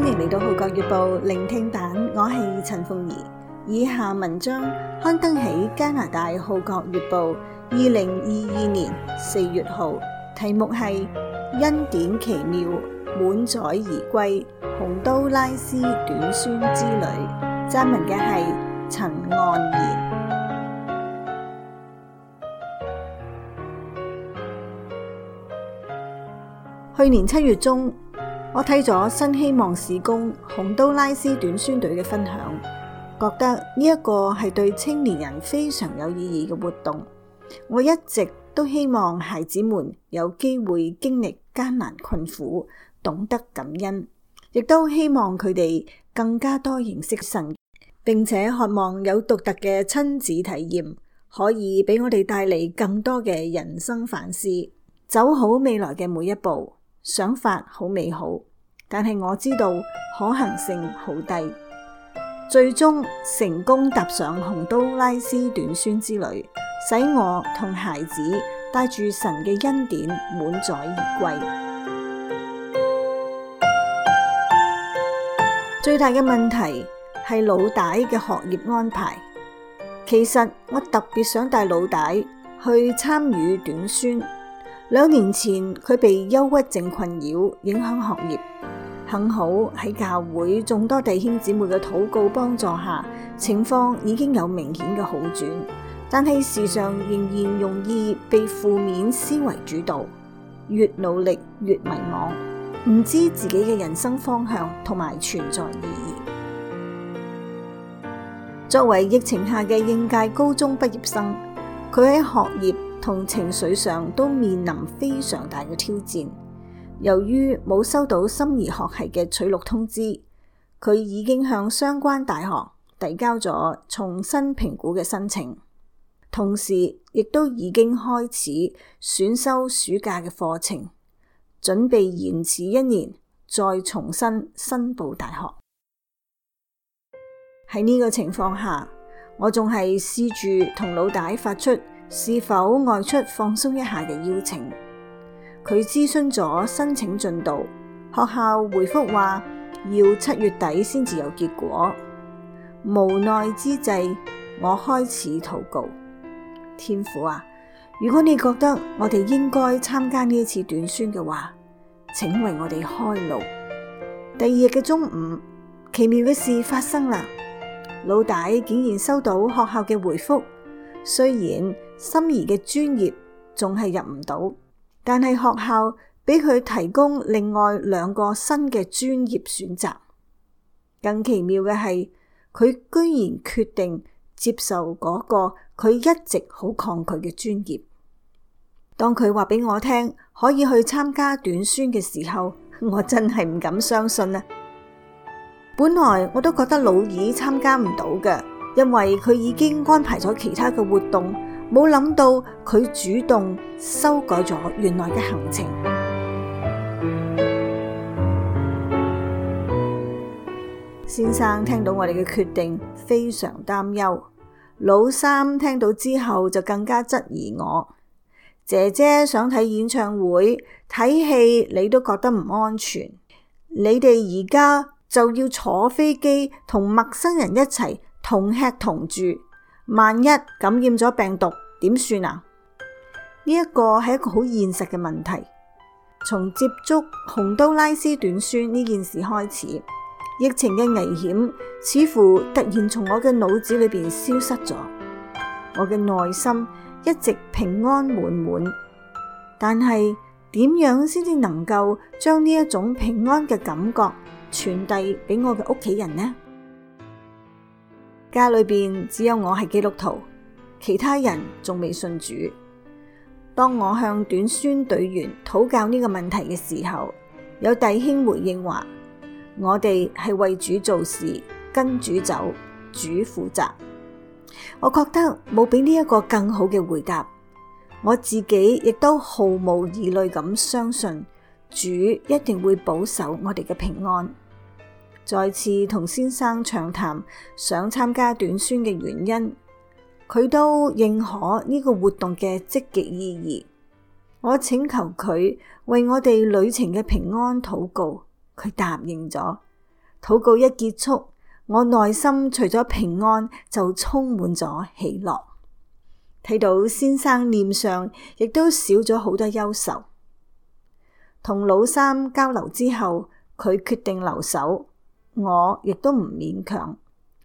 歡迎嚟到《號角月報》聆聽版，我係陳鳳儀。以下文章刊登喺加拿大《號角月報》二零二二年四月號，題目係《恩典奇妙滿載而歸：洪都拉斯短宣之旅》，撰文嘅係陳岸然。去年七月中，我睇咗新希望事工洪都拉斯短宣隊嘅分享，覺得呢一個係對青年人非常有意義嘅活動。我一直都希望孩子們有機會經歷艱難困苦，懂得感恩，亦都希望佢哋更加多認識神，並且渴望有獨特嘅親子體驗，可以俾我哋帶嚟更多嘅人生反思，走好未來嘅每一步。想法好美好。但係我知道可行性好低，最終成功踏上洪都拉斯短宣之旅，使我同孩子帶住神嘅恩典滿載而歸。最大嘅問題係老大嘅學業安排。其實我特別想帶老大去參與短宣。兩年前佢被憂鬱症困擾，影響學業。幸好喺教會眾多弟兄姊妹嘅禱告幫助下，情況已經有明顯嘅好轉。但係事上仍然容易被負面思維主導，越努力越迷茫，唔知自己嘅人生方向同埋存在意義。作為疫情下嘅應屆高中畢業生，佢喺學業同情緒上都面臨非常大嘅挑戰。由於冇收到心儀學系嘅取錄通知，佢已經向相關大學遞交咗重新評估嘅申請，同時亦都已經開始選修暑假嘅課程，準備延遲一年再重新申報大學。喺呢個情況下，我仲係試住同老大發出是否外出放鬆一下嘅邀請。佢諮詢咗申請進度，學校回覆話要七月底先至有結果。無奈之際，我開始禱告：天父啊，如果你覺得我哋應該參加呢次短宣嘅話，請為我哋開路。第二日嘅中午，奇妙嘅事發生啦，老大竟然收到學校嘅回覆，雖然心儀嘅專業仲係入唔到。但係學校俾佢提供另外兩個新嘅專業選擇，更奇妙嘅係，佢居然決定接受嗰個佢一直好抗拒嘅專業當他。當佢話俾我聽可以去參加短宣嘅時候，我真係唔敢相信啦！本來我都覺得老二參加唔到嘅，因為佢已經安排咗其他嘅活動。冇諗到佢主動修改咗原來嘅行程。先生聽到我哋嘅決定非常擔憂，老三聽到之後就更加質疑我。姐姐想睇演唱會、睇戲，你都覺得唔安全。你哋而家就要坐飛機同陌生人一齊同吃同住。萬一感染咗病毒點算啊？呢一個係一個好現實嘅問題。從接觸洪都拉斯短宣呢件事開始，疫情嘅危險似乎突然從我嘅腦子裏邊消失咗。我嘅內心一直平安滿滿，但係點樣先至能夠將呢一種平安嘅感覺傳遞俾我嘅屋企人呢？家裏邊只有我係基督徒，其他人仲未信主。當我向短宣隊員討教呢個問題嘅時候，有弟兄回應話：我哋係為主做事，跟主走，主負責。我覺得冇比呢一個更好嘅回答。我自己亦都毫無疑慮咁相信主一定會保守我哋嘅平安。再次同先生暢談，想參加短宣嘅原因，佢都認可呢個活動嘅積極意義。我請求佢為我哋旅程嘅平安禱告，佢答應咗。禱告一結束，我內心除咗平安就充滿咗喜樂。睇到先生臉上亦都少咗好多憂愁。同老三交流之後，佢決定留守。我亦都唔勉強，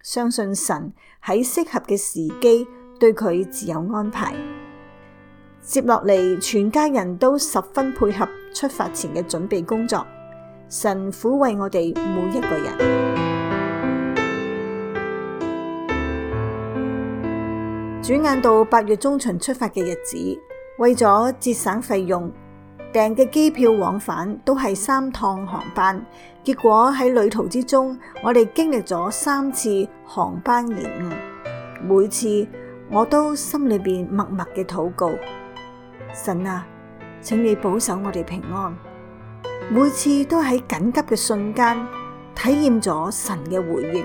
相信神喺適合嘅時機對佢自有安排。接落嚟，全家人都十分配合出發前嘅準備工作，神撫慰我哋每一個人。轉眼到八月中旬出發嘅日子，為咗節省費用，訂嘅機票往返都係三趟航班，結果喺旅途之中，我哋經歷咗三次航班延誤，每次我都心裏邊默默嘅禱告：神啊，請你保守我哋平安。每次都喺緊急嘅瞬間體驗咗神嘅回應。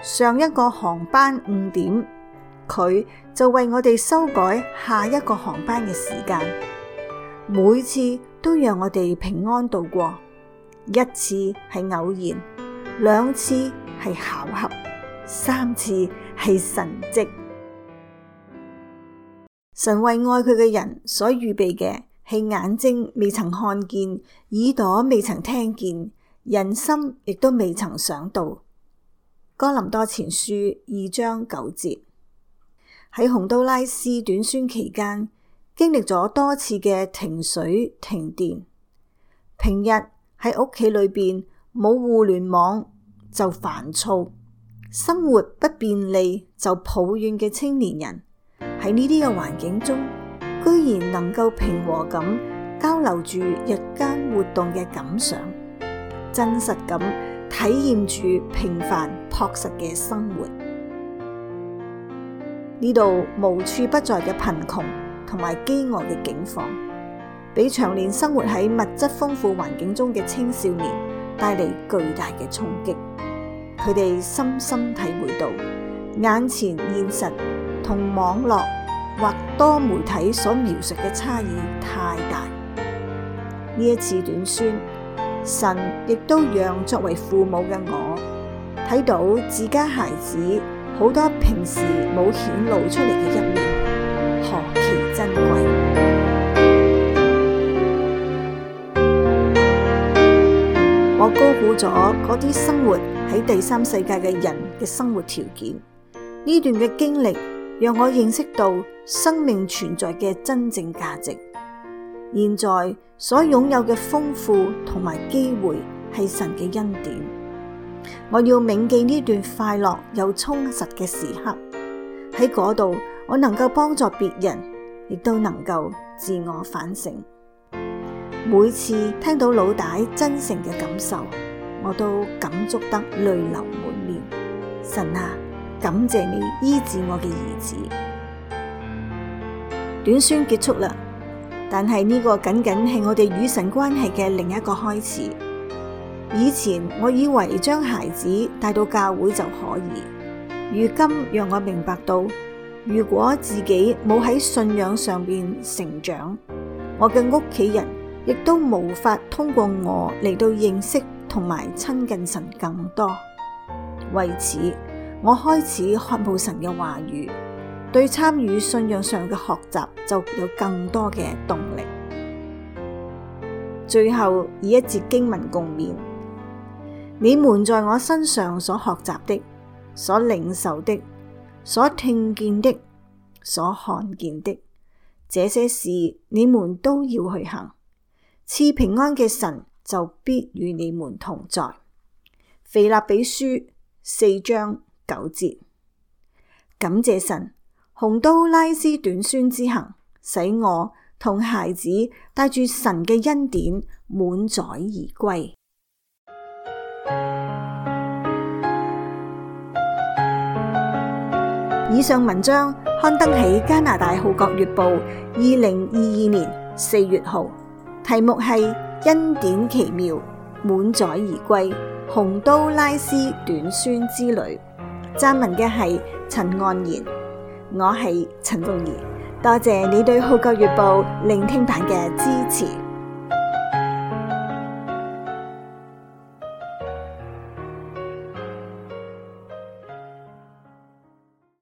上一個航班誤點，佢就為我哋修改下一個航班嘅時間。每次都讓我哋平安度過，一次係偶然，兩次係巧合，三次係神蹟。神為愛佢嘅人所預備嘅係眼睛未曾看見，耳朵未曾聽見，人心亦都未曾想到。《哥林多前書》二章九節。喺洪都拉斯短宣期間，經歷咗多次嘅停水、停電，平日喺屋企裏邊冇互聯網就煩躁，生活不便利就抱怨嘅青年人，喺呢啲嘅環境中，居然能夠平和咁交流住日間活動嘅感想，真實咁體驗住平凡朴實嘅生活。呢度無處不在嘅貧窮。同埋飢餓嘅境況，俾長年生活喺物質豐富環境中嘅青少年，帶嚟巨大嘅衝擊。佢哋深深體會到眼前現實同網絡或多媒體所描述嘅差異太大。呢一次短宣，神亦都讓作為父母嘅我，睇到自家孩子好多平時冇顯露出嚟嘅一面。何珍貴，我高估咗嗰啲生活喺第三世界嘅人嘅生活條件。呢段嘅經歷讓我認識到生命存在嘅真正價值。現在所擁有嘅豐富同埋機會係神嘅恩典。我要銘記呢段快樂又充實嘅時刻。喺嗰度，我能夠幫助別人。亦都能夠自我反省。每次聽到老大真誠嘅感受，我都感觸得淚流滿面。神啊，感謝你醫治我嘅兒子。短宣結束了，但係呢個僅僅係我哋與神關係嘅另一個開始。以前我以為將孩子帶到教會就可以，如今讓我明白到。如果自己冇喺信仰上邊成長，我嘅屋企人亦都無法通過我嚟到認識同埋親近神更多。為此，我開始渴慕神嘅話語，對參與信仰上嘅學習就有更多嘅動力。最後，以一節經文共勉：你們在我身上所學習的，所領受的。所聽見的、所看見的這些事，你們都要去行。賜平安的神就必與你們同在。腓立比書四章九節。感謝神，洪都拉斯短宣之行，使我同孩子帶住神嘅恩典滿載而歸。以上文章刊登喺加拿大《號角月報》二零二二年四月號，題目係《恩典奇妙滿載而歸：洪都拉斯短宣之旅》，撰文嘅係陳岸賢，我係陳鳳儀，多謝你對《號角月報》聆聽版嘅支持。